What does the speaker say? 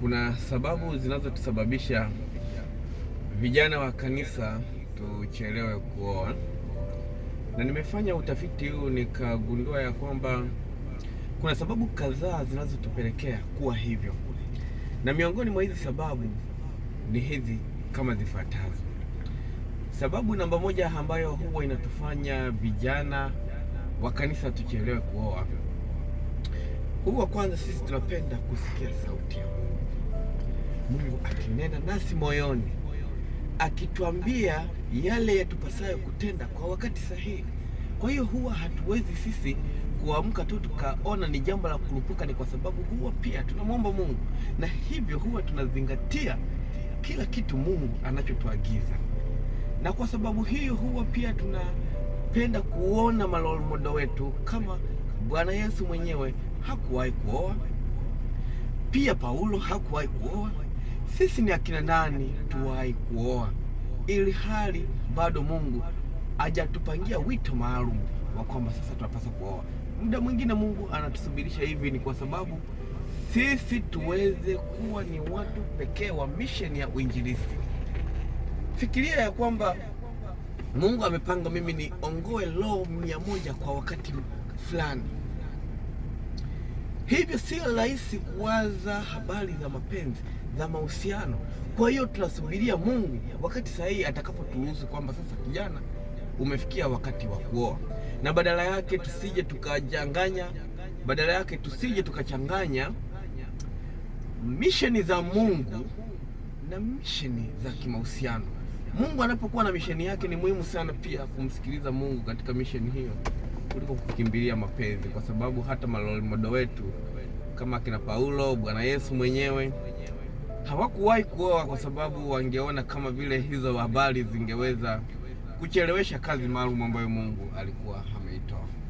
Kuna sababu zinazotusababisha vijana wa kanisa tuchelewe kuoa, na nimefanya utafiti huu nikagundua ya kwamba kuna sababu kadhaa zinazotupelekea kuwa hivyo, na miongoni mwa hizi sababu ni hizi kama zifuatazo. Sababu namba moja ambayo huwa inatufanya vijana wa kanisa tuchelewe kuoa, huwa kwanza sisi tunapenda kusikia sauti ya Mungu. Mungu akinena nasi moyoni, akituambia yale yatupasayo kutenda kwa wakati sahihi. Kwa hiyo huwa hatuwezi sisi kuamka tu tukaona ni jambo la kulupuka, ni kwa sababu huwa pia tunamwomba Mungu, na hivyo huwa tunazingatia kila kitu Mungu anachotuagiza, na kwa sababu hiyo huwa pia tunapenda kuona malolomodo wetu kama Bwana Yesu mwenyewe hakuwahi kuoa, pia Paulo hakuwahi kuoa sisi ni akina nani tuwahi kuoa, ili hali bado Mungu hajatupangia wito maalum wa kwamba sasa tunapaswa kuoa. Muda mwingine Mungu anatusubirisha hivi, ni kwa sababu sisi tuweze kuwa ni watu pekee wa misheni ya uinjilisti. Fikiria ya kwamba Mungu amepanga mimi niongoe roho mia moja kwa wakati fulani. Hivyo sio rahisi kuwaza habari za mapenzi za mahusiano. Kwa hiyo tunasubiria Mungu wakati sahihi atakapotuhusu kwamba sasa, kijana, umefikia wakati wa kuoa, na badala yake tusije tukajanganya, badala yake tusije tukachanganya misheni za Mungu na misheni za kimahusiano. Mungu anapokuwa na misheni yake, ni muhimu sana pia kumsikiliza Mungu katika misheni hiyo kuliko kukimbilia mapenzi, kwa sababu hata malolimodo wetu kama kina Paulo, Bwana Yesu mwenyewe hawakuwahi kuoa kwa sababu wangeona kama vile hizo habari zingeweza kuchelewesha kazi maalum ambayo Mungu alikuwa ameitoa.